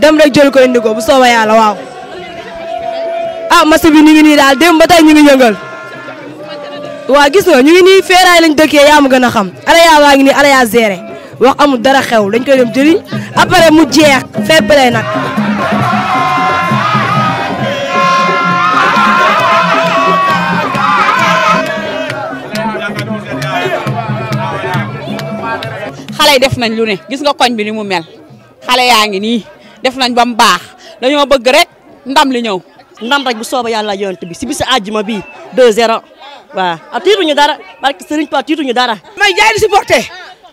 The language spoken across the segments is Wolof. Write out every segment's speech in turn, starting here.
dem rek jël ko indi ko bu soobee yàlla waaw. ah match bi ñu ngi nii daal démb ba tey ñu ngi waa gis nga ñu ngi feeraay lañ dëkkee yaa ma gën a xam Alaya waa ngi nii Alaya wax amul dara xew dañ koy dem jëriñ après mu jeex fair-play nag. xale yi def nañ lu ne gis nga koñ bi ni mu mel xale yaa ngi nii def nañ ba mu baax dañoo bëgg rek ndam li ñëw. ndam rek bu sooba yàlla yonent bi si bisu àjjuma bi 2-0 waaw ah dara barke Serigne tiituñu dara. may jaay di supporté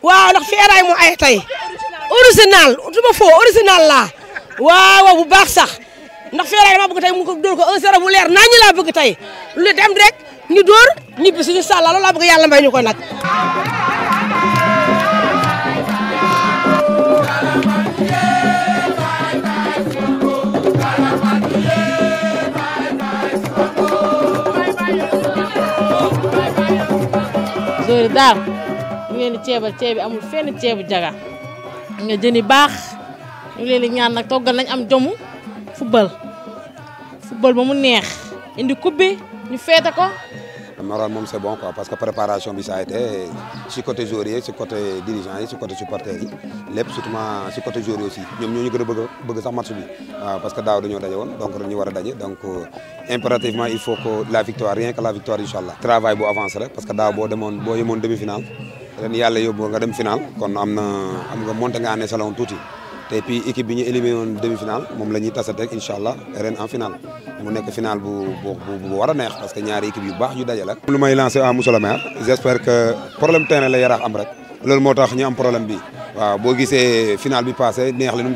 waaw ndax feeraay mu ay tey original du ma foo original laa waaw bu baax sax ndax feeraay dama bëgg tey mu ko ko 1 bu leer naa ñu laa bëgg tey lu dem rek ñu dóor ñibbi suñu sàlla loolu laa bëgg yàlla may ñu ko nag. sóori daal ñu leen di ceebal ceeb bi amul fenn ceebu jaga nga jëni baax ñu leen di ñaan nag toggal nañ am jomu fubal football ba mu neex indi coupe ñu feete ko Normalement, c'est bon quoi parce que préparation bi ça a été le côté joueurs sur le côté dirigeants sur le côté supporters Et surtout surtout le côté joueurs aussi nous nous ñu gën bëgg bëgg sax parce que nous avons gagné donc donc euh, impérativement il faut que la victoire rien que la victoire Inch'Allah. travail bu avancer parce que nous le demi-finale ren avons yóbbu nga dem finale kon am na am nga monté nga en et puis l'équipe qui a éliminé demi-finale je la en finale. incha en finale mu nekk finale parce que équipe lancé à le j'espère que problème terrain la loolu moo tax ñu am problème bi waaw boo gisee final bi passé neex la nu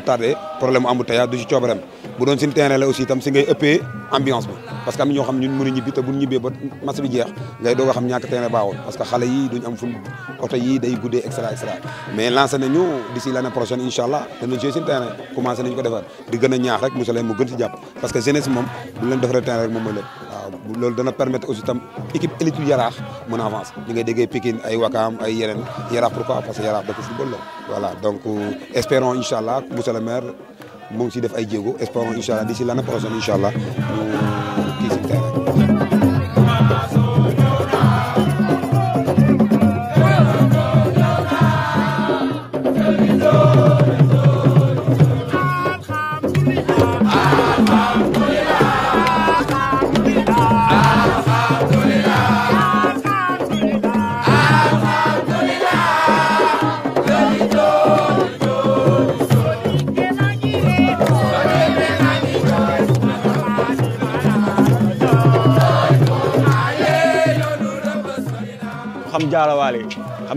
problème mu embouteillage du ci coobareem bu doon suñu terrain aussi itam si ngay ëppee ambiance bi parce que am na ñoo a ñibbi te bu ñibbee ba match bi jeex ngay doog xam ñàkk terrain baaxoon parce que xale yi duñ am fu oto yi day guddee et cetera et cetera mais lancé nañu d'ici l'année prochaine incha allah danañ jouer suñu terrain commencé nañ ko defar di gën ñaax rek mu gën si waaw loolu dana permettre aussi tam équipe élite yu yaraax mën avance li ngay déggee Pikine ay Wakaam ay yeneen yaraax pourquoi parce que yaraax dafa football la voilà donc euh, espérons incha allah monsieur le maire mu si def ay jéego espérons incha allah d'ici l'année prochaine incha allah ñu kii si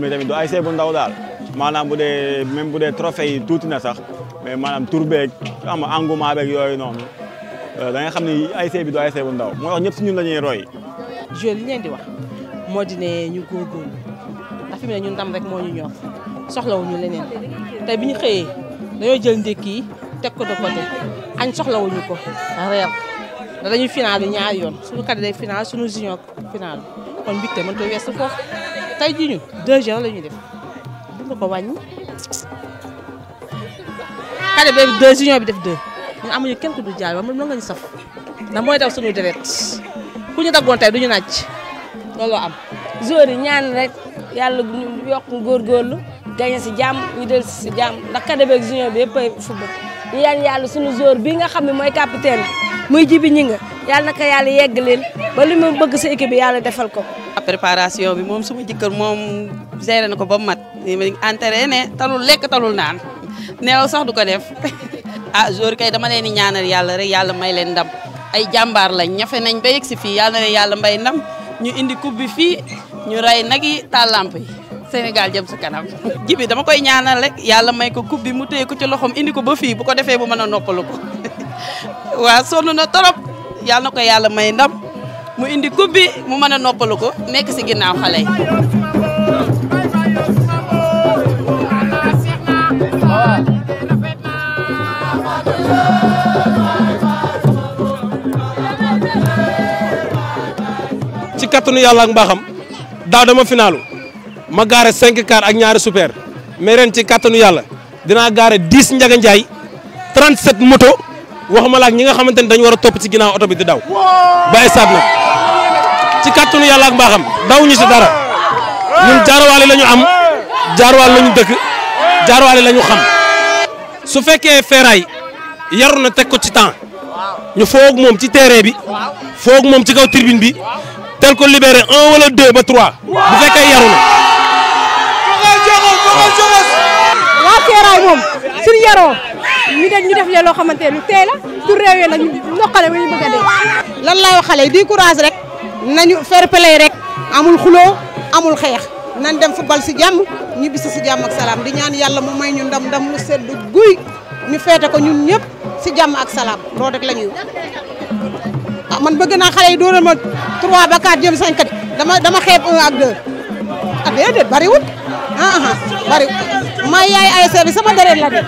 xam ne tamit du ASC bu ndaw daal maanaam bu dee même bu dee trophée yi tuuti na sax mais maanaam tur beeg xam nga engouement yooyu noonu euh, da nga xam ne ASC bi du ASC bu ndaw moo wax ñëpp si ñun la roy. joueur li di wax moo di ne ñu góorgóorlu ndax fi mu ne ñun ndam rek moo ñu ñor soxlawuñu leneen tey bi ñu xëyee dañoo jël ndékki yi teg ko de añ soxlawuñu ko reer da dañuy final bi ñaari yoon suñu cadet day final suñu junior final kon mbégte mën koy weesu foofu. tey jii ñun 2 juin la ñuy def bu nga ko wàññi xale bi 2 juin bi def 2 ñun amuñu kenn ku du jaay ba moom la nga ñu saf ndax mooy daw suñu deret ku ñu daggoon tey duñu naaj looloo am joueur yi ñaan rek yàlla ñu yokk góorgóorlu gañe si jàmm ñu del si si jàmm ndax Cadabec junior bi yëpp ay football yan yalla sunu jour bi nga xamni moy capitaine muy jibi ñi nga yalla naka yalla yegg leen ba li mu bëgg sa équipe yalla defal ko préparation bi mom suma jëkkër mom géré nako ba mat entraîné talul lek talul naan neew sax du ko def ah jour kay dama leen di ñaanal yalla rek yalla may leen ndam ay jambar la ñafé nañ ba yegg fi yalla na yalla ndam ñu indi coupe bi fi ñu ray nak yi senegal jëm sa kanam. jibi dama koy ñaanal rek yalla may ko coupe bi mu teyeku ci loxom indi ko ba fi bu ko defee bu mëna a noppalu ko na torop yalla nako yalla may ndam mu indi coupe bi mu mëna a noppalu ko nekk si ginnaaw xale ci katunu yalla ak mbaaxam daaw dama finalu ma gaare cinq car ak ñaari super mais ren ci kàttanu yàlla dinaa gaare dix Ndiaga Ndiaye 37 moto waxuma la ak ñi nga xamante ni dañu war a topp ci ginnaaw oto bi di daw ba stade nag ci kàttanu yàlla ak mbaaxam daw ñu si dara ñun jaarwaale la am jaarwaale la ñu dëkk jaarwaale lañu ñu xam su fekkee feeraay yaru na teg ko ci temps ñu foog moom ci terrain bi foog moom ci kaw tribune bi tel ko libéré un wala deux ba trois bu fekkee yaru waaye moom suñu ñu def ñu def leen loo xamante lu tee la su la ñu bëgg lan di courage rek nañu fair play rek amul xuloo amul xeex nañ dem football si jàmm ñibbi si si jàmm ak salaam di ñaan yàlla mu may ñu ndam ndam mu sedd guy ñu feete ko ñun ñëpp si jàmm ak salaam loolu rek la ah, man bëgg ma 3 ba 4 jëm 5 dama dama xeeb 1 ak 2 ah déedéet bariwul ah ah maa yaay ASC bi sama deret la de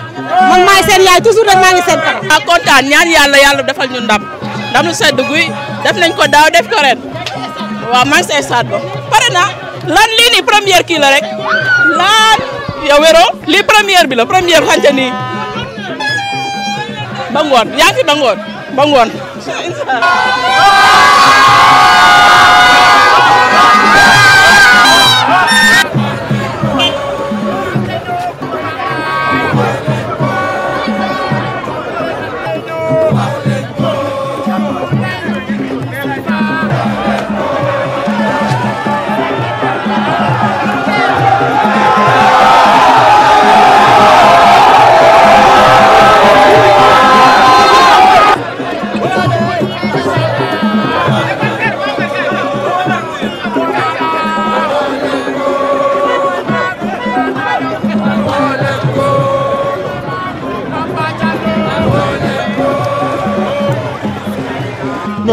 man maay seen yaay toujours rek maa ngi seen kanam. maa kontaan ñaan yàlla yàlla Wah ñu ndam ndam lu sedd guy def nañ ko lan lii nii première kii la rek lan yow wéroo lii première bi la première xante nii ba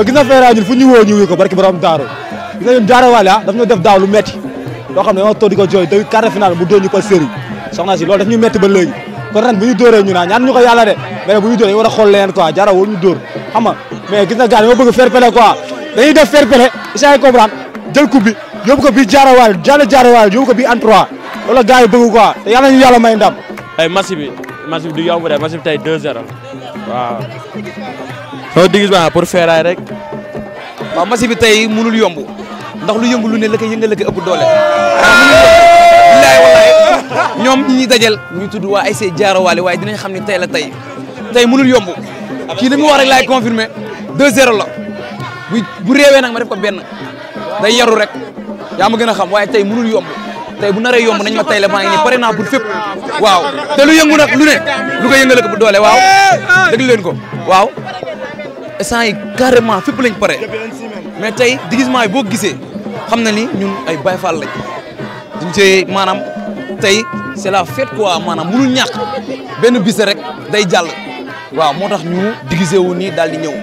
non gis na Feera ñun fu ñu woo ñu wuyu ko barki borom daaru gis na ñun daara waale ah daf ñoo def daaw lu metti loo xam ne dañoo toog di ko jooy te quart de finale mu dóor ko série soxna si loolu daf ñu metti ba léegi kon ren bu ñu dóoree ñu naa ñaan ñu ko yàlla de mais bu ñu dóoree war a xool leen quoi jara woo ñu dóor xam nga mais gis na gars yi bëgg fair play quoi dañuy def fair play isaay comprendre jël coupe bi yóbbu ko bii jaara waale jàll jaara waale yóbbu ay match bi match bi du yomb de match bi tey non digis ba pour feeraay rek. waaw match bi tey mënul yomb ndax lu yëngu lu ne la ko yëngal la doole. bilaay wallaay ñoom ñuy dajal ñu tudd waa ay see jaarawaale waaye dinañ xam ne tey la tey tey mënul yomb kii li mu wax rek laay confirmé 2-0 la bu bu réewee nag ma ko benn day yaru rek yaa ma gën a xam waaye tey mënul yomb tey bu naree yomb nañ ma tey la maa ngi nii pare naa pour fépp waaw te lu yëngu nag lu ne lu ko yëngal la doole waaw déglu leen ko waaw. essence yi carrément fépp lañ pare mais tey digisement yi boo gisee xam na ni ñun ay bay Fall lañ duñ see maanaam tey c'est la fête quoi maanaam mënul ñàkk benn bis rek day jàll waaw moo tax ñu déguisé wu nii daal di ñëw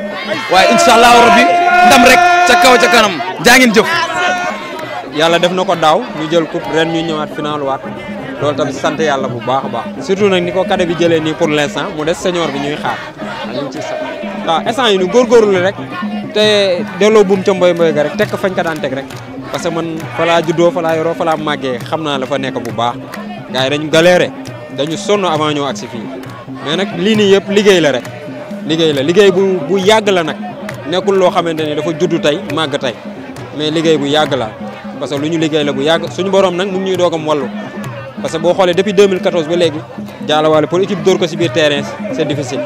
waaye incha allahu rabbi ndam rek ca kaw ca kanam jaa ngeen jëf. yàlla def na ko daaw ñu jël coupe ren ñu ñëwaat final waat loolu tamit sant yàlla bu baax a baax surtout nag ni ko cadet bi jëlee nii pour l'instant mu des senior bi ñuy xaar ñu ngi waaw instant yi ñu góorgóorlu rek te delloo buum ca mboy mboy ga rek teg fañ ko daan teg rek parce que man fa laa juddoo fa laa yoroo fa laa màggee xam naa la fa nekk bu baax gars yi dañu dañu sonn avant ñoo agsi fii mais nag lii nii yëpp liggéey la rek liggéey la liggéey bu yàgg la nag nekkul loo xamante ne dafa juddu tey màgg tey mais liggéey bu yàgg la parce que lu ñu liggéey la bu yàgg suñu borom nag mu ngi ñuy doogam wàllu parce que boo xoolee depuis 2014 ba léegi jaalawaale pour équipe ko si biir terrain c'est difficile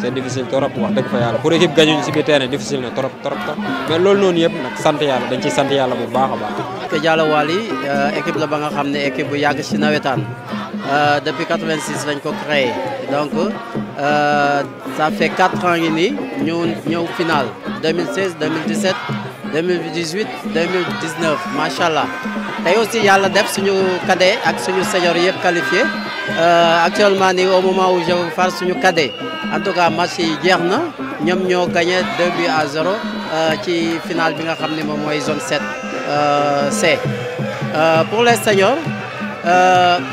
c'est difficile trop wax dëgg fa yalla pour équipe gañuñu ci bi terrain difficile na trop trop trop mais loolu non yëpp nak sante yalla dañ ci sante yalla bu baax baax. que Diallo Wally euh, équipe la ba nga xamné équipe bu ci nawétane euh depuis 86 lañ ko créé donc euh, ça fait 4 ans ngi nii ñëw final 2016 2017 2018 2019 machallah tay aussi yalla def suñu cadet ak suñu senior yëpp qualifié. Euh, actuellement, au moment où je vais faire ce cadet, en tout cas, merci yi nous avons gagné 2 buts à 0 euh, ci finale bi nga xam mooy zone 7 euh, C. pour les seniors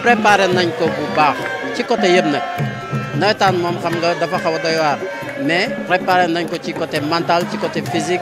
préparez-vous nañ ko bu baax ci côté yëpp nous nawetaan moom xam nga dafa xaw doy mais préparez nañ ko le côté mental le côté physique.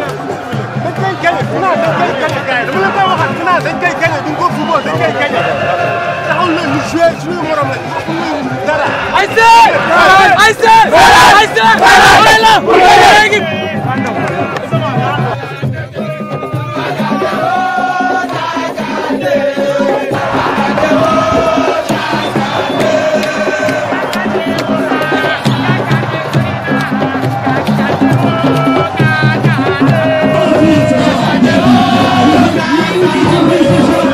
gañe Foundiougne dañ koy gañe dama leen koy waxaat Foundiougne dañ koy gañe duñ ko football dañ koy gañe taxaw na ñu joué suñu morom la ñu dara ay see ay see ay see Brasil!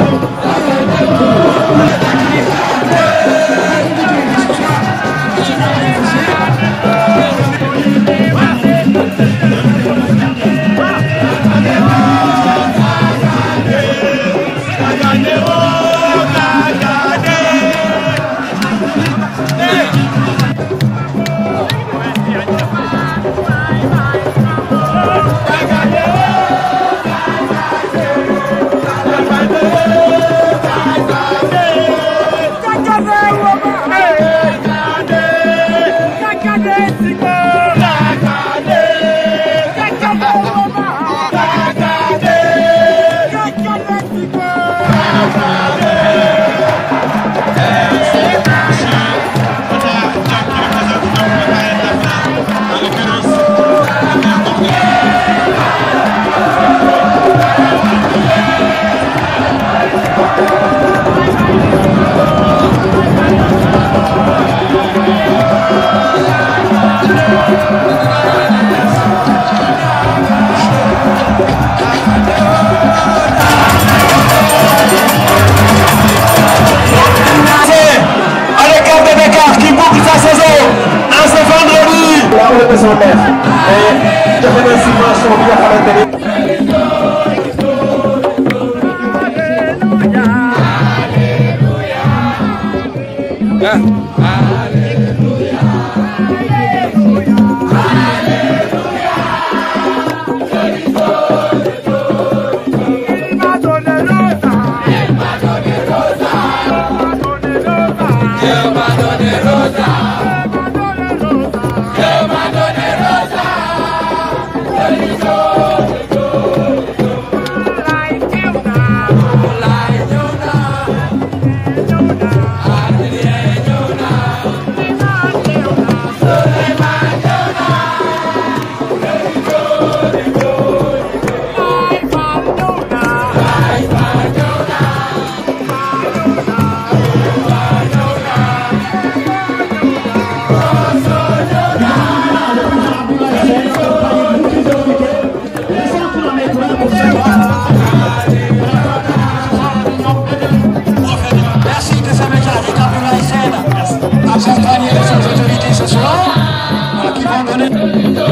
do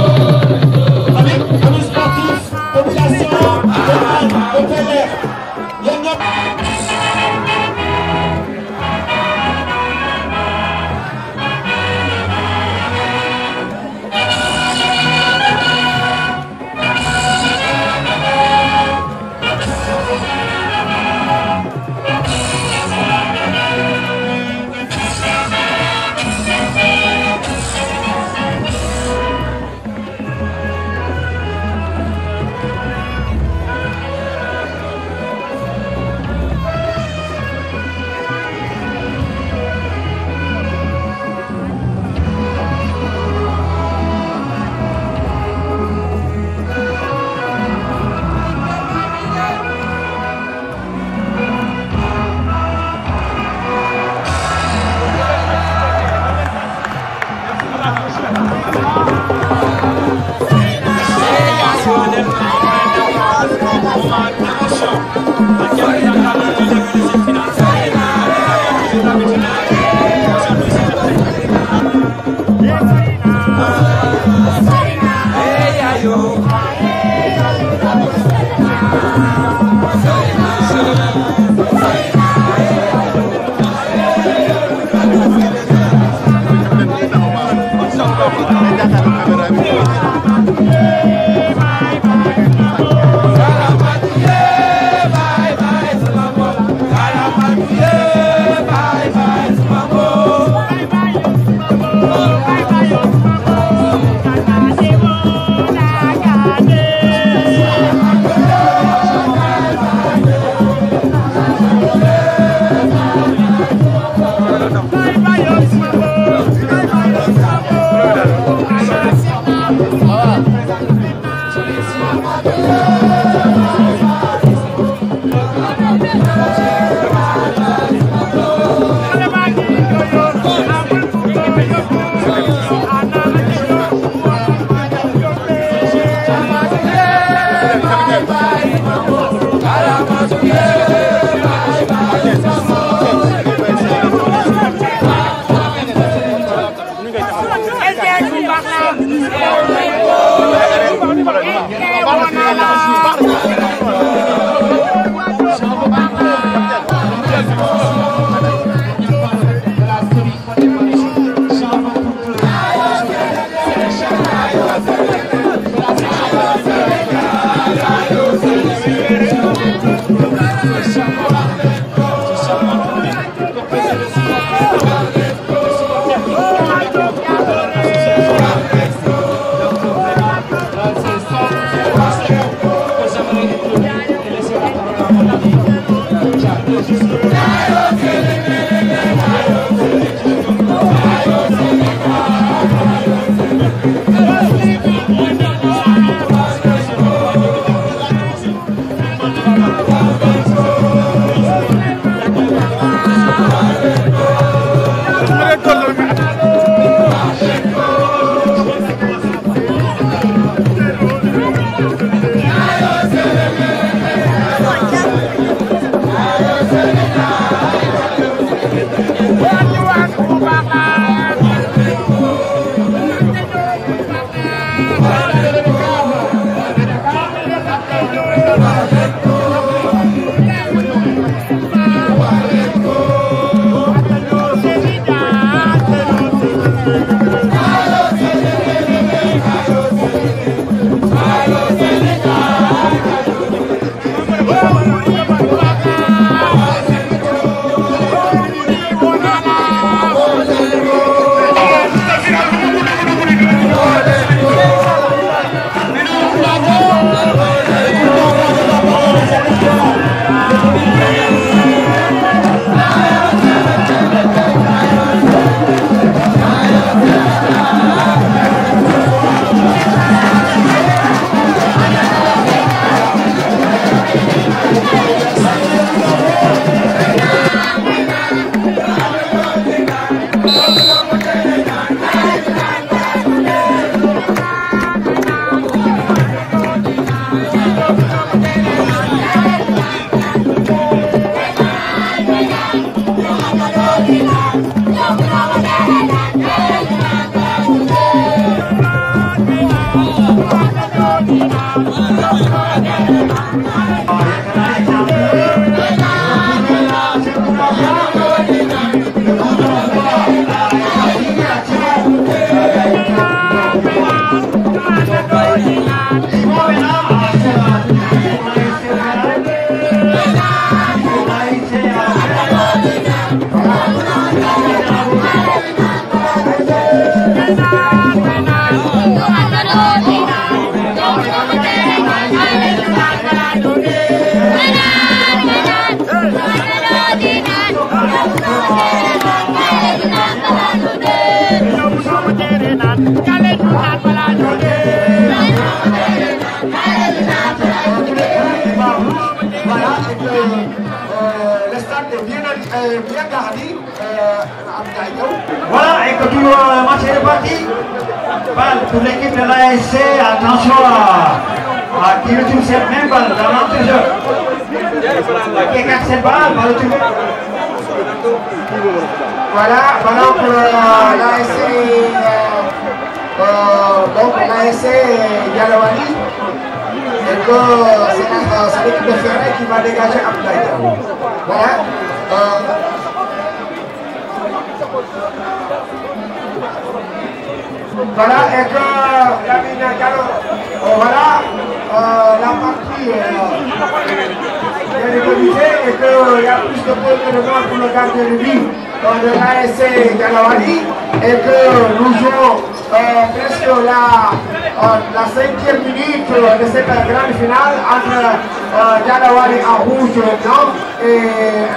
Toute l'équipe de l'ASC. Attention à, à qui le retrouve cette même balle dans l'entrejeu. Qui écarte cette balle, va retrouver. Voilà, voilà pour euh, l'ASC. Euh, euh, donc l'ASC Yalavani. Et que c'est l'équipe de Ferret qui va dégager Abdoulaye. Voilà. Euh, Voilà, et que voilà euh, la partie euh, de et qu'il y a plus de points que de moins pour le quartier de vie dans le et que nous jouons euh, presque la, euh, la cinquième minute de cette grande finale entre Galawani en rouge blanc et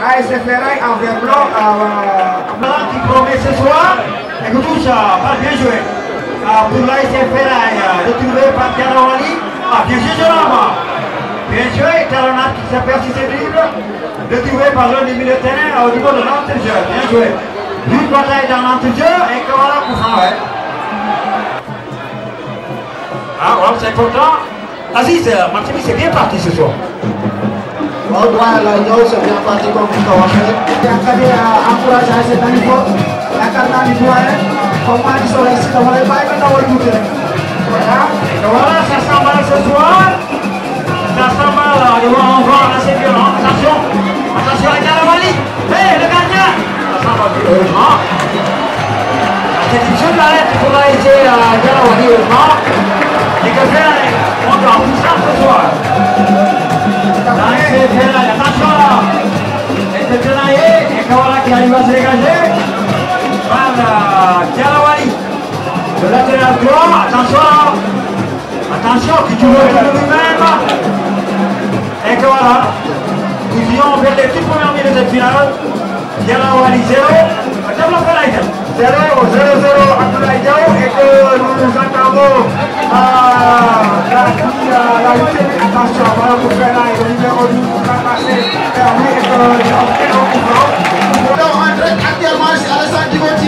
ASC Ferraille en vert blanc qui promet ce soir. que tout ça, va bien jouer ah, pour l'ASC Ferraille, retrouvé par Tarawali. Ah, bien joué, Jorama. Bien joué, Taronat qui s'appelle si c'est libre. Retrouvé par l'un des milieux terrain au niveau de l'entre-jeu, Bien joué. Une bataille dans l'entre-jeu et que voilà pour ça, ouais. Ah, ouais, c'est important. Aziz, euh, Martini, c'est bien parti ce soir. On doit l'agneau, c'est bien parti comme vous l'avez. Bien, encourager cet animal. La carte d'animal, compétition rek si dama lay bàyyi nga ndawal tuuti le ah voilà ça s'emballe ce soir ça là, de loin en loin assez violent attention attention à Caravali hey le gardien ça s'emballe violemment c'est une seule arrête pour arrêter Caravali au vent et que faire on doit tout ça ce soir c'est bien là, attention là et c'est là, et Kawala qui arrive à se dégager voilà le latéral droit, attention hein. Attention, qui tu lui-même. Et que voilà, en fait les 10 premières minutes de finale. 0, 0, 0, 0, et que nous attendons euh, la euh, Attention, Et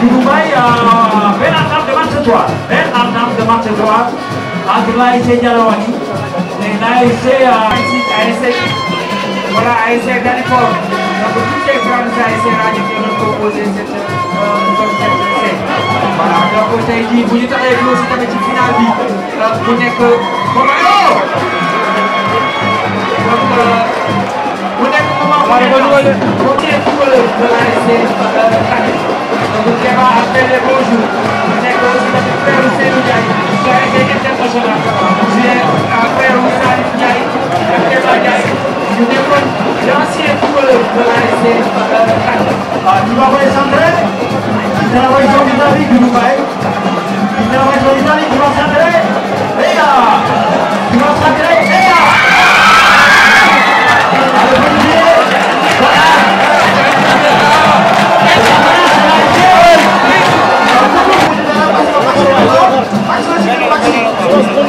Dubaï, euh, Ben Arnam demande ce soir. Ben Arnam demande ce soir. Entre l'AIC Dialawani et l'AIC AIC. Voilà, AIC Danifor. Donc toutes les grandes AIC-là qui viennent proposer cette concept. Euh, voilà, donc tey jii bu ñu taxee ñu aussi tamit ci final bi bu nekk Momaro. donc bu nekk Momaro. waaw kon loolu. boo jëlee dugal la AIC Danifor. Bukieva apele Bożu, innego na apelu Serujaj, Kareke Kete Poszona, że apelu Serujaj, Kete Bajaj, Unicorn, l'ancien footballeur de la SC Nous l'envoyons Sandré, il nous l'envoyons sur l'Italie du Dubaï, il nous l'envoyons sur l'Italie, il va Sandré, les gars, il va Sandré,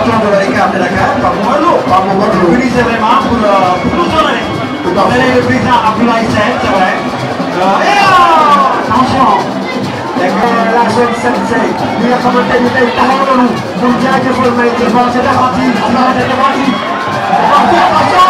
patron de l'ODCAV de Dakar, Pape Mouarlo. Pape Mouarlo mobilisé vraiment pour, euh, pour nous honorer. Tout à fait. Le président Abdoulaye Sène, c'est vrai. Euh, et attention. la zone 7C ñi nga xamante ni tey taxaw nañu pour jaajëfal may ci bon c'est parti c'est parti c'est parti attention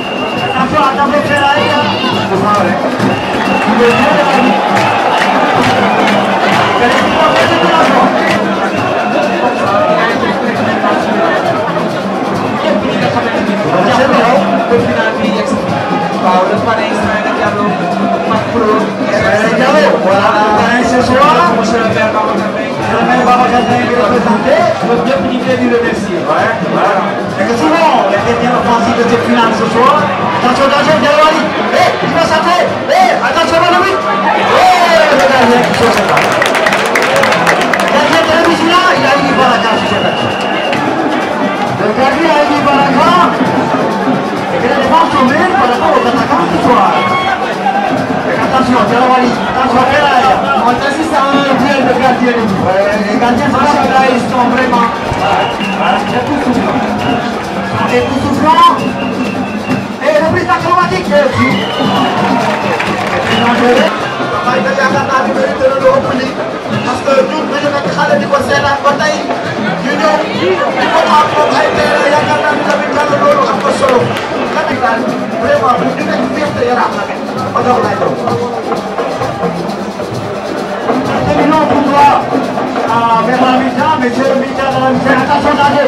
Guarda, preferaria. Paolo Parenza è andato ma pro e da lei buona Parenza sua come se la perde Paolo Campagna se la perde Paolo Campagna che rappresenta lo più di te di reversivo eh c'est bon, le dernier fait de cette finale ce soir. Attention danger, bien Ali. Eh, il va centrer. Eh, attention à but Eh, le gardien qui sort cette balle. Le gardien de la là, il a eu la carte sur cette action. Le gardien a eu la carte. Et que la défense tombe par rapport aux attaquants ce soir. Attention, Diawali, attention, Ferrari. On assiste à un duel de gardiens. Les gardiens, là, ils sont vraiment... Voilà, il y a tout souvent. et tout soufflant. Et reprise acrobatique. damay da yaakaar naa ne mérite na lu ëpp lii parce que ñun dañu nekk xale di ko seetaan ba tey ñu ñëw di ko am moom ay terrain yaakaar naa ne tamit dara loolu am na solo. xanaa daal vraiment bu ñu nekk fierté Yaraax la ba daw lay daw. c'est une longue voie. ah mais maa mi temps mais c'est le mi temps maa mi c'est attention danger.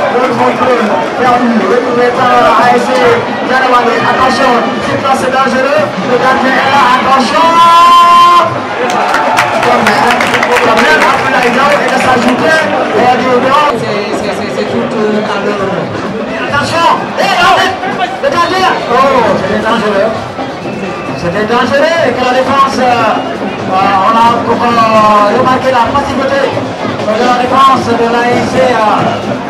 attention, c'est pas c'est dangereux, le gardien est là, attention c'est tout euh, à l'heure. Attention, euh, hé, le gardien Oh, c'était dangereux. C'était dangereux, et que la défense, euh, on a encore remarqué la passivité de la défense de l'A.I.C.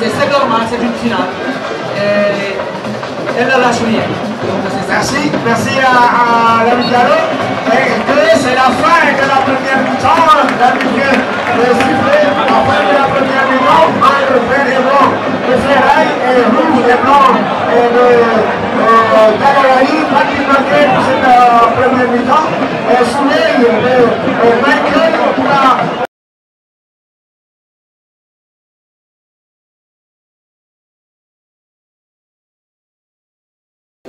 c'est normal, c'est une finale. Et elle ne lâche rien. Merci, merci à, à David Diallo. C'est la fin de la première mi-temps. La lumière est sifflée. La fin de la première mi-temps. Le frère est blanc. Le frère et rouge et blanc. Et le Dalaraï, euh, Patrick Marquet pour cette première mi-temps. Et soleil, le vainqueur pour la.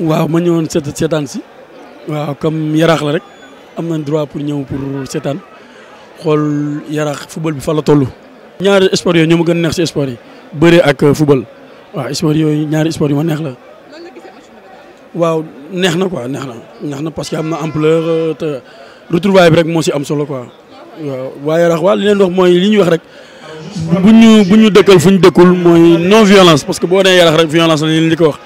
waaw ma ñëwoon sét sétane si waaw comme yarax la rek am nañ droit pour ñëw pour sétane xool yarax football bi fa la tollu ñaari sport yooyu ñoo ma gën neex si sport yi bëre ak euh, football waaw sport yooyu ñaari sport yu ma neex la. waaw neex na quoi neex na neex na parce que am na ampleur euh, te retrouvaille bi rek moo si am solo quoi waaw waa yaraax waa li leen wax mooy li ñu wax rek. bu ñu bu ñu dëkkal fu ñu dëkkul mooy non violence parce que boo nee yarax rek violence la ñu di ko wax.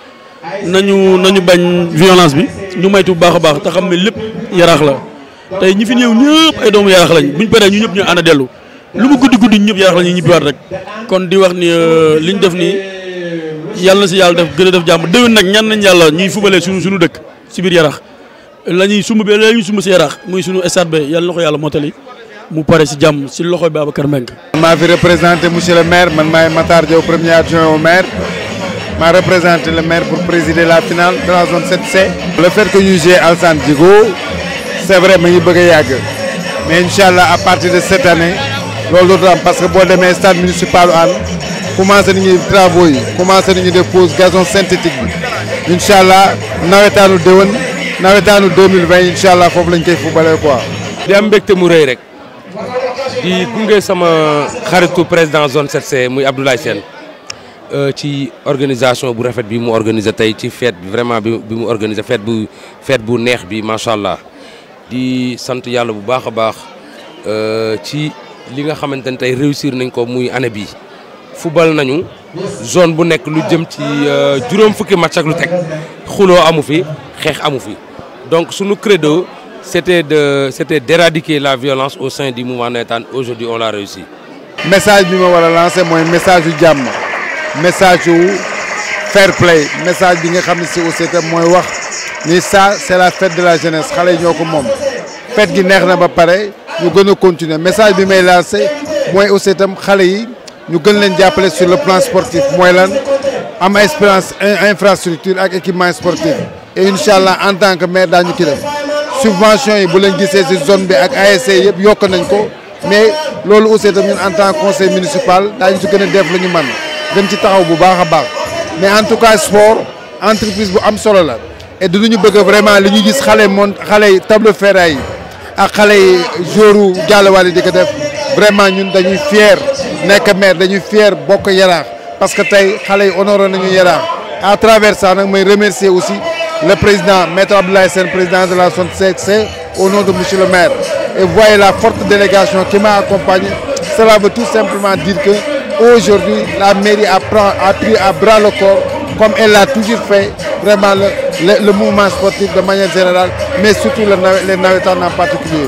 nañu nañu bañ violence bi ñu maytu bu baax a baax te xam ne lépp yaraax la tey ñi fi ñëw ñëpp ay doomu yaraax lañ buñ paree ñu ñëpp ñu ànd dellu lu mu guddi guddi ñu ñëpp yaraax lañ ñu ñibbiwaat rek. kon di wax ni euh, li def nii yàlla na si yàlla def gën a def jàmm déwén nag ñan nañ yàlla ñuy fubalee suñu sunu dëkk si biir yaraax la ñuy sumb bi la ñuy sumb si yaraax muy suñu stade bi yàlla na ko yàlla mottali mu pare si jàmm si loxo Babacar kër maa fi représenté monsieur le maire man maay Matar Diop premier adjoint m'a représenté le maire pour présider la finale de la zone 7C. Le fait que nous jouions Alsan Digo, c'est vrai, mais il Mais Inch'Allah, à partir de cette année, parce que pour demain, stade municipal, commencé à travaux à commencé déposer def gazon synthétique nous incha allah nawetaanu nous avons 2020 Inch'Allah, allah foofu lañ pour footballé quoi. di am mbégte Je suis rek di gunge sama xaritu président zone 7C muy Abdoulaye Sène euh, ci organisation bu rafet bi mu organiser tay ci fête vraiment bi mu organiser fête bu fête bu neex bi machallah di sante yalla bu baax a baax euh, ci li nga xamante tay réussir nañ ko muy année bi football nañu zone bu nek lu jëm ci euh, juróom fukki match ak lu tek xuloo amu fi xex amu fi donc suñu credo c'était de c'était d'éradiquer la violence au sein du mouvement navétane aujourd'hui on l'a réussi message bi ma wara lancer moy message du jàmm message ou fair play message bi nga xam ci si aussi wax ni ça c'est la fête de la jeunesse xalé ñoko mom fête gi neex na ba paré ñu gëna continuer message bi may lancé moy aussi tam xale yi ñu gën leen sur le plan sportif moy lan am expérience infrastructure ak équipement sportif et inchallah en tant que maire dañu ci def subvention yi bu leen gissé ci zone bi ak ASC yépp yok nañ ko mais lolu aussi ñun en tant que conseil municipal dañu gëna def lu ñu dem ci taxaw bu baax a baax mais en tout cas sport entreprise bu am solo la et dinañu bëgg vraiment li ñu gis xale moon xale table ferraille yi ak xale yi jouru jàlluwaale di ko def vraiment ñun dañuy fier nekk maire dañuy fier bokk yaraax parce que tey xale yi honoré nañu yaraax à travers ça nag may remercier aussi le président maître Abdoulaye Sène président de la CCC au nom de monsieur le maire et voyez la forte délégation qui m'a accompagné cela veut tout simplement dire que Aujourd'hui, la mairie a, pris à bras le corps, comme elle l'a toujours fait, vraiment le, mouvement sportif de manière générale, mais surtout les navetans en particulier.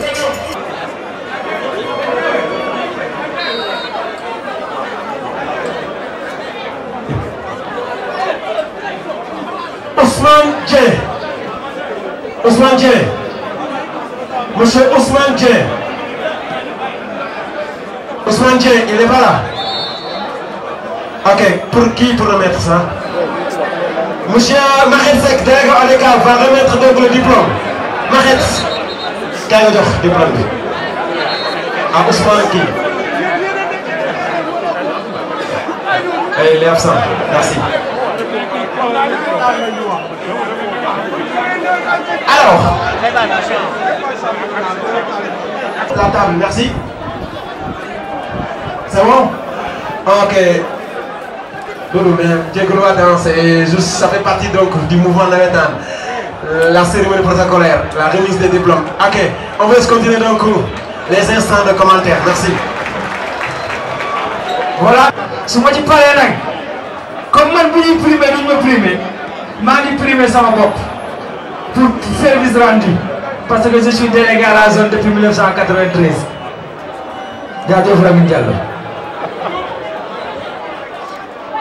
Ousmane Djé. Ousmane Monsieur Ousmane Djé Ousmane il n'est pas là. Ok, pour qui pour remettre ça Monsieur Mahet à Aleka va remettre donc le diplôme. Mahet, quel le diplôme À Ousmane qui Il est absent, merci. Alors, la table, merci. C'est bon Ok loolu mais ça fait partie donc du mouvement de la la cérémonie protocolaire la remise des diplômes ok on va continuer donc les instants de commentaires merci. voilà hein. je moi ci pas Comment comme man je ñuy primé je ma primé maa ngi primé pour service rendu parce que je suis délégué à la zone depuis 1993 jaajëf vous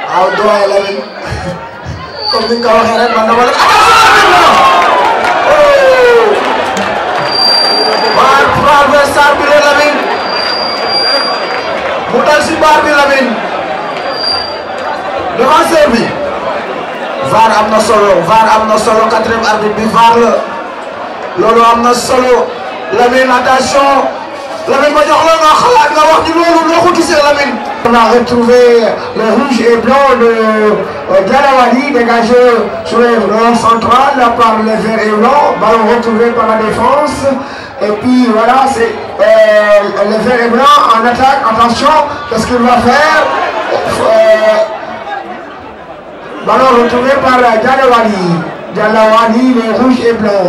waaw doyen Lamine comme ni nga ko waxee rek man dama ne waaw trois vingt cent bi la Lamine mu dal si baar bi Lamine devanceur bi VAR am na solo VAR am na solo quatrième arbitre bi VAR loolu am na solo Lamine attention Lamine ma jox la nga xalaat nga wax ñu loolu noo ko gisee on a retrouvé le rouge et blanc de Galawadi euh, dégagé sur le rangs central par les verts et blancs, ballon retrouvé par la défense. Et puis voilà, c'est euh, les et blanc en attaque, attention, qu'est-ce qu'il va faire euh, Ballon retrouvé par Galawadi. Galawadi, le rouge et blanc.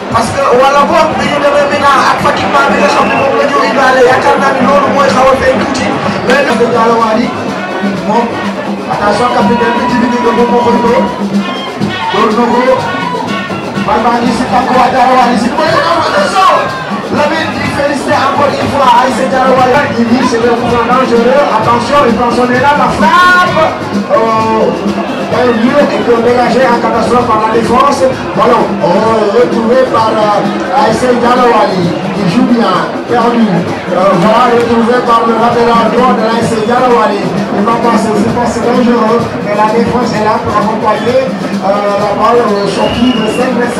parce que wala boog dañu demee Mina ak Fatick maa bi nga xam moom la ñu indaale yaakaar naa loolu mooy xaw a feeñ tuuti mais nag Diallo Wally moom attention capitaine bi ci biir nga moom moo koy dóor dóor na ko man maa ngi si tànk waa Diallo Wally si mooy attention L'avait dit, félicité encore une fois Aïssé Diarroya qui dit c'est un moment dangereux, attention, il prend là la frappe oh, Un lieu qui peut dégager en catastrophe par la défense, voilà, oh, retrouvé par euh, Aïssé qui joue bien, perdu. Euh, voilà, retrouvé par le latéral droit de l'Aïssé Diarroya. Il va passer, c'est dangereux, mais la défense est là pour accompagner euh, la balle euh, sortie de 5 mètres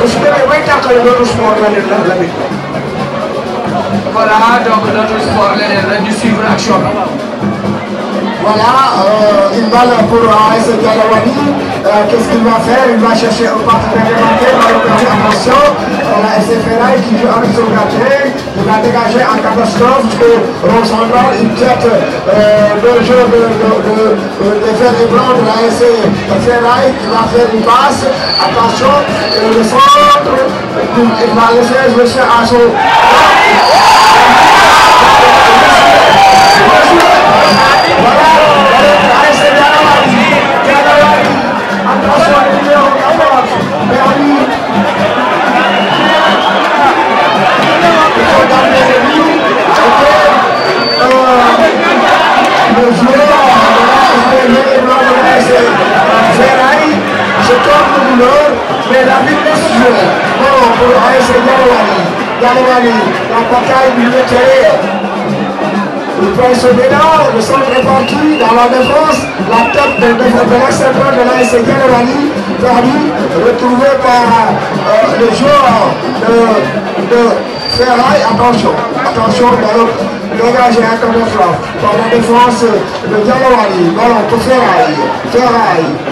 Espere, wait after Lotus Portland et la Voilà, donc Lotus Portland est du suivre l'action. Voilà, il euh, va balle pour la SC euh, Qu'est-ce qu'il va faire Il va chercher un partenaire élémentaire, va attention. Euh, la SFLA qui joue avec son gardien, il va dégager un catastrophe que il tête le jeu de, de, de, de, faire des blancs de la SFLA, qui va faire une passe. Attention, le centre, il va laisser le chien à son... mais la Bon, oh, pour AS Yalouani. Yalouani, la bataille du militaire. Le prince Bédard, le centre répartis dans la défense, la tête de, de, de l'accepteur de l'AS Yalouani, perdu, retrouvé par euh, le joueur de, Ferraille. Attention, attention, dans dégagé un temps Dans flamme par la défense de Galawani. Ballon pour Ferraille. Ferraille.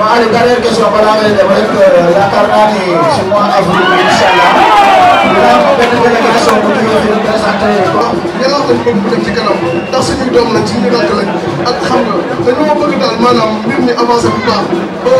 ma Aliou dernière question balaa ngay dem rek yaakaar naa ni ci mois avril incha allah dinaa am benn délégation kanam ndax suñu doom lañ suñu rakk lañ ak xam nga dañoo bëgg daal maanaam mbir mi avancé bu baax ba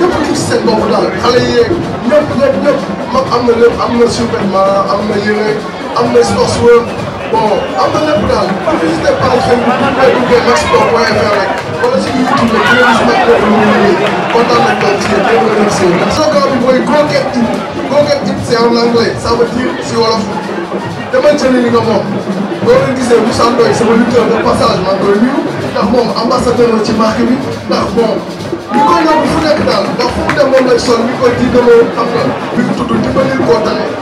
ñëpp gis seen bopp daal xale yi yeeg ñëpp ñëpp ñëpp am na lépp am na survêtement am na yére bon am na lépp daal n'hésitez pas xëy na bu ñu duggee maxsport.fr rek wala si YouTube rek dina gis nag loolu ñu ngi kontaan nañ daal ci yéen ñëpp remercié slogan bi mooy go get it go get it c'est en anglais ça veut dire si wolof demal ca li nga moom boo leen gisee Moussa Ndoye sama lutteur de passage maa ngi koy nuyu ndax moom ambassadeur la ci marque bi ndax bon li koy yóbbu fu nekk daal ndax fu mu dem moom lay sol mi koy di demoo xam nga bi mu tudd dimbali koo tane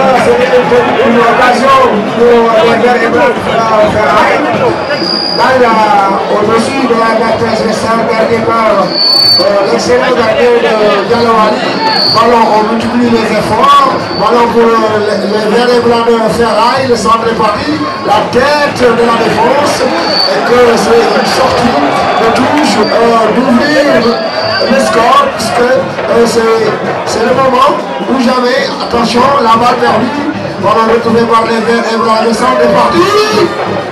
una ocasión, una, una, Là, on aussi de la qui eh, transversale gardée par l'excellent gardien de Galoani. Voilà, on multiplie les efforts. Voilà pour les verts et blancs de Ferraille, le centre est parti, la tête de la défense, et que c'est une sortie de touche euh, d'ouvrir le score, puisque euh, c'est le moment où jamais, attention, la balle perdue, voilà, retrouvé par les verts et blancs, le centre est parti.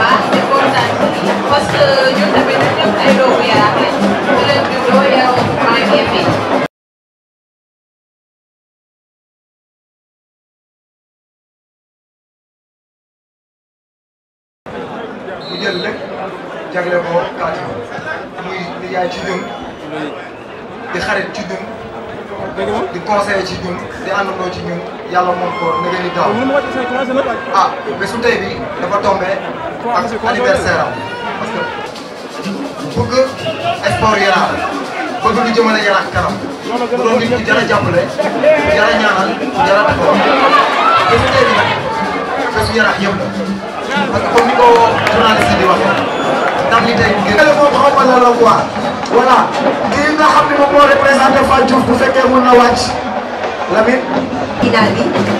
jagle ko Fatou muy di ci ñun di xarit ci ñun di conseiller ci ñun di àndandoo ci ñun yàlla moom ko nga ni daaw ah bésu tey bi dafa tombé ak anniversaire parce que bëgg sport yaraax bëgg lu jëmale yaraax kanam bu doon nit ku jar a jàppale jar a ñaanal jar a taxaw bésu tey bi nag bésu yaraax yëpp la parce que comme ni ko journaliste di waxee ndam li tey génn moom xaw ma la la quoi voilà kii nga xam ne moom moo représenté Fatou Diouf bu fekkee mën na wàcc Lamine. final bi.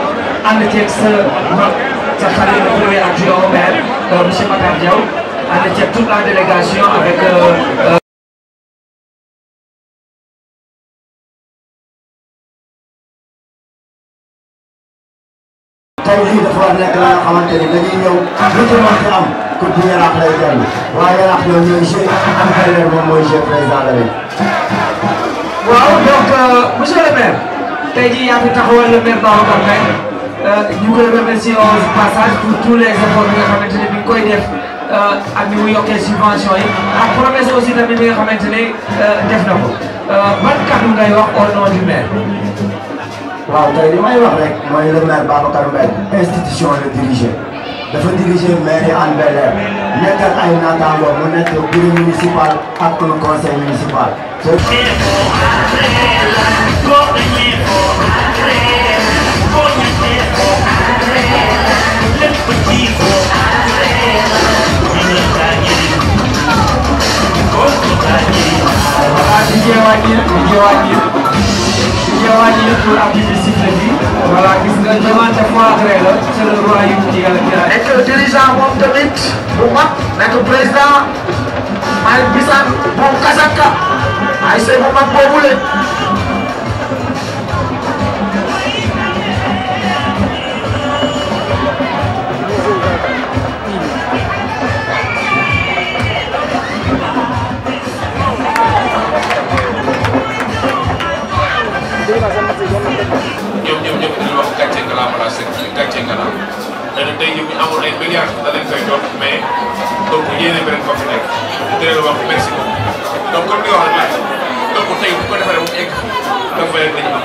ànd ceeg sa mag sa xale le premier adjoint au maire monsieur Matar Diaw ànd ceeg toute la délégation avec. Euh, euh, tey lii dafa war a nekk la nga xamante ni dañuy ñëw lu ci mën am ku di yaraax lay dellu waaye yaraax ñoom ñooy G am benn moom mooy G président la waaw donc euh, monsieur le maire tey jii yaa fi taxawal le maire Babacar Mbengue Euh, ñu koy remercier au passage pour tous les efforts yi nga xamante ne bi ñu koy def euh, ak ni mu yokkee subvention yi ak promesse aussi tamit bi nga xamante ne euh, def na ko ban kàddu ngay wax au nom du maire. waaw tey li may wax rek mooy le maire Babacar Mbengue institution la diriger dafa diriger maire yi Hann Bel-Air nekkal ay naataango mu nekk bureau municipal ak un conseil municipal. ak président Malick Bissane moom Kasaka ay sey bu mag boobule ñoom ñoom ñëpp dañu wax gàcce ngalaama laa seen kii gàcce ngalaama ay milliards da leen koy jox mais donc yéene beneen fa fi nekk di leen wax merci beaucoup donc comme li nga wax donc tey bu ko defee rek mu egg dafa leen dañu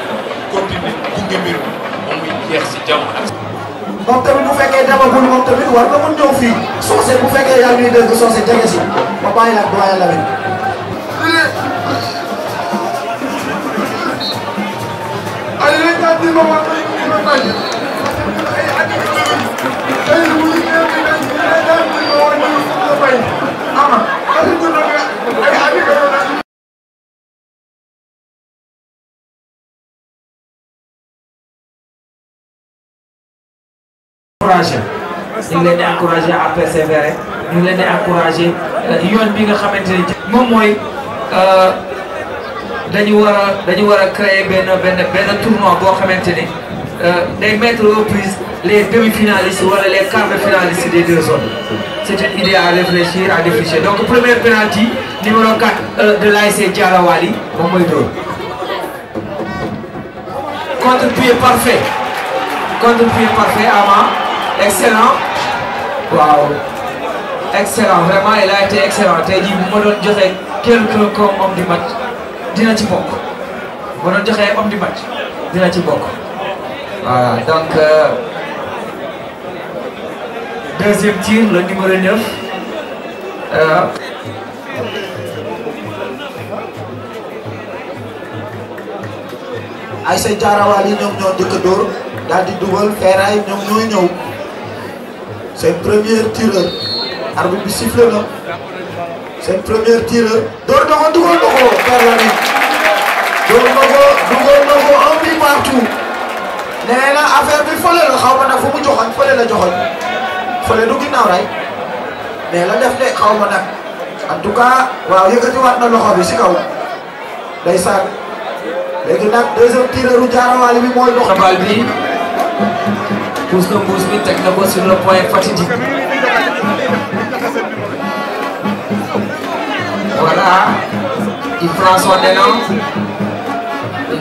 continuer gunge mbir mi moom muy jeex si jàmm ak. moom tamit bu fekkee demagul moom tamit war nga mën ñëw fii soose bu fekkee yaa ngi ñuy dégg soose jege si ba bàyyi la ak doyen la Aí ele tá de novo, tá indo pra ñu ngi leen di encouragé à persévérer ñu ngi leen di encouragé yoon bi nga xamante ni moom mooy dañu war a dañu war a créer benn benn benn tournoi boo xamante ni day mettre aux prises les demi-finalistes wala les quarts de finalistes des deux zones. c'était idée à réfléchir à défricher donc première penalty numéro 4 euh, de l'ASC Dialawali moom mooy dóor contre-pied parfait contre-pied parfait Ama excellent waaw excellent vraiment il a excellent tey jii bu joxe quelqu'un comme homme du match dina ci bokk bu joxe homme du match dina ci bokk voilà donc. Euh, deuxième tir le numéro 9 ah. Euh, ay say jaarawaal yi ñoom ñoo njëkk dóor daal dugal feeraay ñoom ñooy ñëw seen première tireur arbitre bi sifflé na seen première tireur dóor na ko dugal na ko feeraay bi dóor na ko dugal na ko un bi nee na affaire bi fële la xaw ma na fu mu joxoon fële la joxoon fële du ginnaaw rey mais la def de xaw ma nag en tout cas waaw yëkkatiwaat na loxo bi si kaw day saan léegi nag deuxième tireeru jaarawaale bi mooy loxo bal bi pousse na pousse bi teg na ko sur le point fatidique voilà il prend son élan il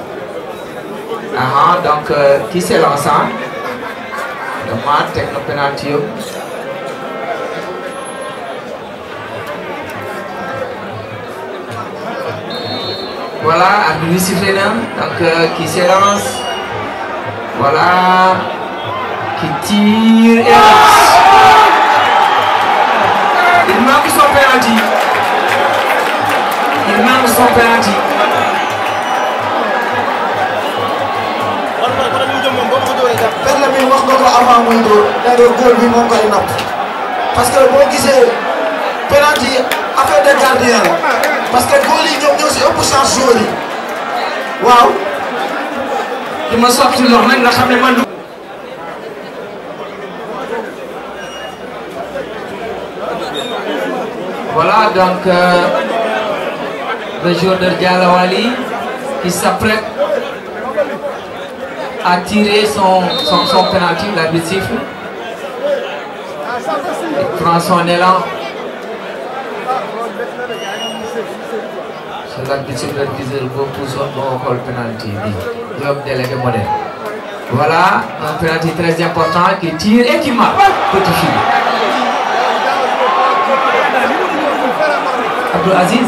donc euh, qui Le l'ensemble techno penalty. Voilà, Abdou donc euh, qui s'est s'élance. Voilà, qui tire et Il manque son penalty. Il manque son penalty. perle bi wax nga ko avant muy dóor nee nga góor bi moom koy napp parce que bo gisé penalty affaire de gardien parce que góor yi ñoom ñoo si ëpp chance joueur yi waaw. li ma sorti lox nag nga xam man. voilà donc euh, le joueur de Diallo Wally qui s'apprête a tiré son, son, son penalty, l'arbitre Il prend son élan. sur l'arbitre siffle, l'arbitre pour son penalty. Voilà un penalty très important qui tire et qui marque. Petit Aziz.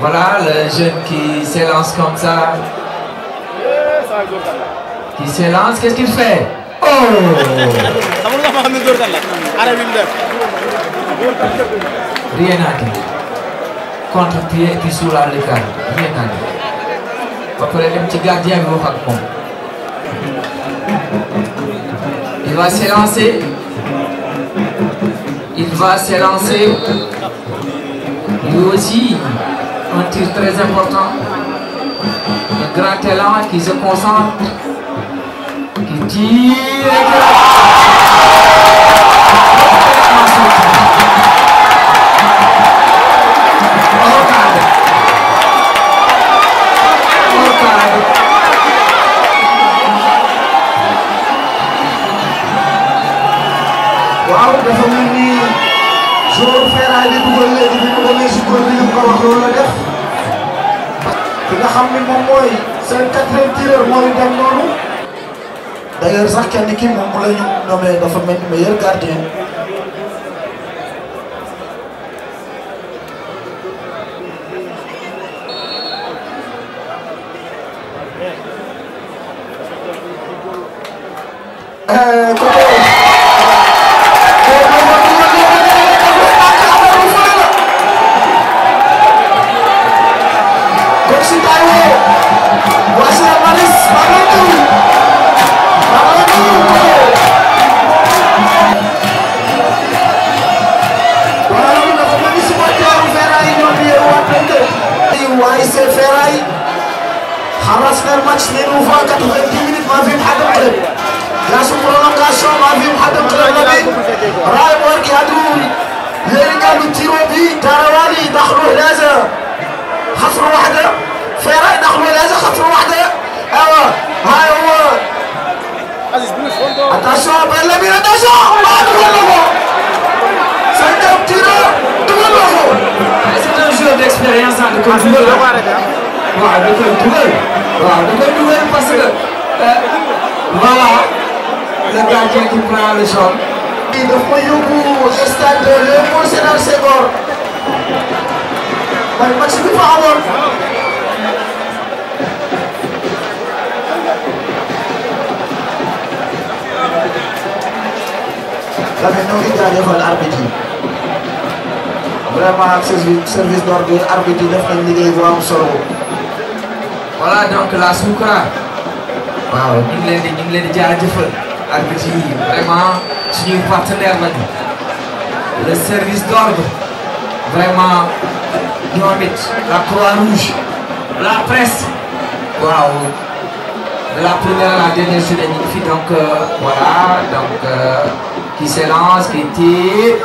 Voilà le jeune qui s'élance comme ça. Qui s'élance, qu'est-ce qu'il fait Oh Rien à dire. Contre-pied qui puis sous la lucarne. Rien à dire. petit gardien Il va s'élancer. Il va s'élancer. Lui aussi un titre très important, un grand talent qui se concentre, qui tire et demee si góor bi ñu ko def ki nga xam ni moom mooy seen quatrième tireur mooy dem noonu. d'ailleurs sax kenn ki moom bu la ñu dafa mel ni meilleur gardien. Euh, vraiment ak service d'ordre arbitre de def de liggéey solo. voilà donc la Soukra. waaw ñu ngi leen di ñu ngi leen arbitre vraiment c'est une partenaire là le service d'ordre. vraiment ñoom la Croix-Rouge. la presse. wow la première à la dernière journée donc euh, voilà donc euh, qui s'élance qui tire.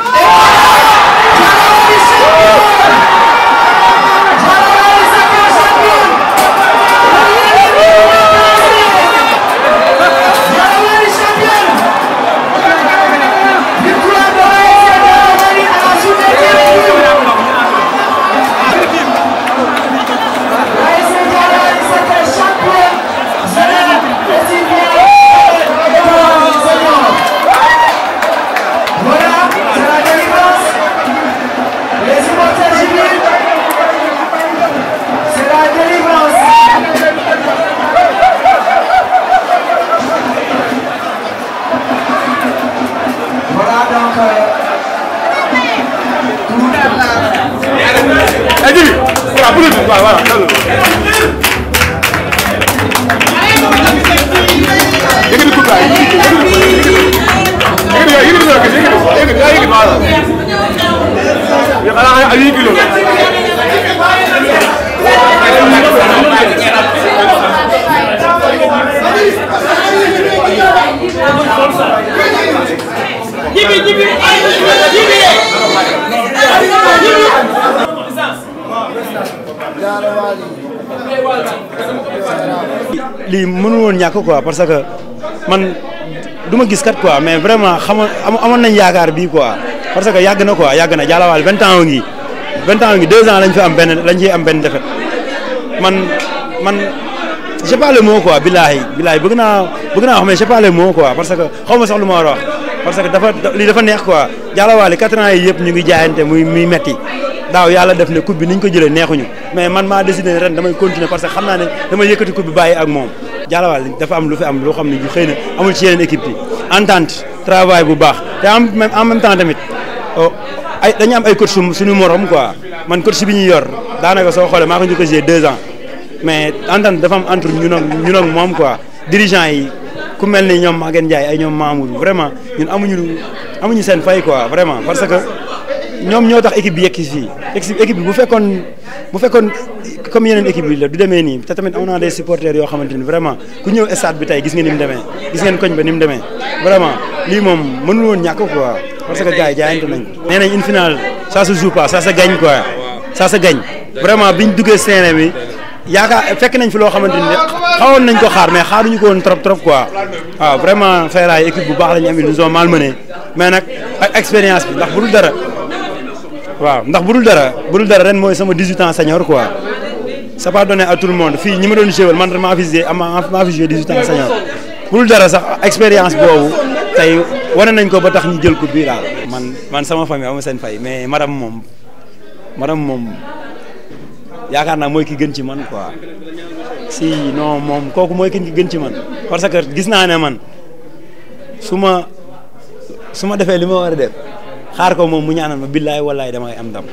parce que man du ma gis kat quoi mais vraiment xamoon amoon nañ yaakaar bii quoi parce que yàgg na quoi yàgg na Dialawaly vingt ans a ngi vingt ans a ngi deux ans lañ fi am benn lañ ciy am benn defet man man j'ai pas le mot quoi billaahi billaahi bëgg naa bëgg naa wax mais parce que xaw ma sax lu ma war a wax parce que dafa lii dafa neex quoi Dialawaly quatre ngi jaayante muy muy metti daaw yàlla def ne coupe bi niñ neexuñu mais man maa décidé ren damay continuer xam naa ne damay yëkkati coupe bi bàyyi ak moom jaalawaale dafa am lu fi am loo xam ne ñu xëy na amul ci yeneen équipe yi entente travail bu baax te en même en même temps tamit oh, ay dañu am ay coach suñu morom quoi man coach bi ñuy yor daanaka soo xoolee maa ko njëkk a joué deux ans mais entente dafa am entre ñun ak moom quoi dirigeant yi ku mel ni ñoom Maguette Ndiaye ay ñoom Mamour vraiment ñun amuñu amuñu seen fay quoi vraiment parce que. ñoom ñoo tax équipe bi yegg fii bi bu fekkoon bu fekkoon comme yeneen équipe bi la du demee nii te tamit on a des supporters yoo xamante ni vraiment ku ñëw stade bi tey gis nga ni mu demee gis ngeen koñ ba ni mu demee vraiment lii moom mënul woon ñàkk quoi parce que gars yi jaayante nañ ko. nee nañ une finale ça se joue pas ça se gagne quoi ça se gagne vraiment biñ duggee terrain bi yaakaar fekk nañ fi loo xamante ni xawoon nañ ko xaar mais xaaruñu ko woon trop trop quoi waaw vraiment Feeraay équipe bu baax la ñu am ils nous mais nag ak expérience bi bu dul dara. waaw ndax budul dara budul dara ren mooy sama 18 ans senior quoi c'est pas donné à tout le monde fii ñi ma doon jéewal man maa fi joué maa fi 18 ans senior budul dara sax expérience boobu tey wane nañ ko ba tax ñu jël coupe bi daal. man man sama famille ama seen fay mais madame moom madame moom yaakaar naa mooy ki gën ci man quoi si non mom, kooku mooy ki gën ci man parce que gis naa ne man Suma, suma su ma defee li ma war def. xaar ko moom mu ñaanal ma billaay wallaay damay am ndam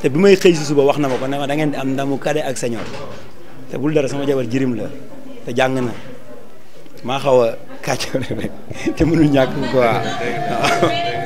te bi may xëy si suba wax na ma ko ne ma da ngeen di am ndamu kade ak señor te bul dara sama jabar jirim la te jàng na maa xaw a kàccoore rek te mënul ñàkk quoi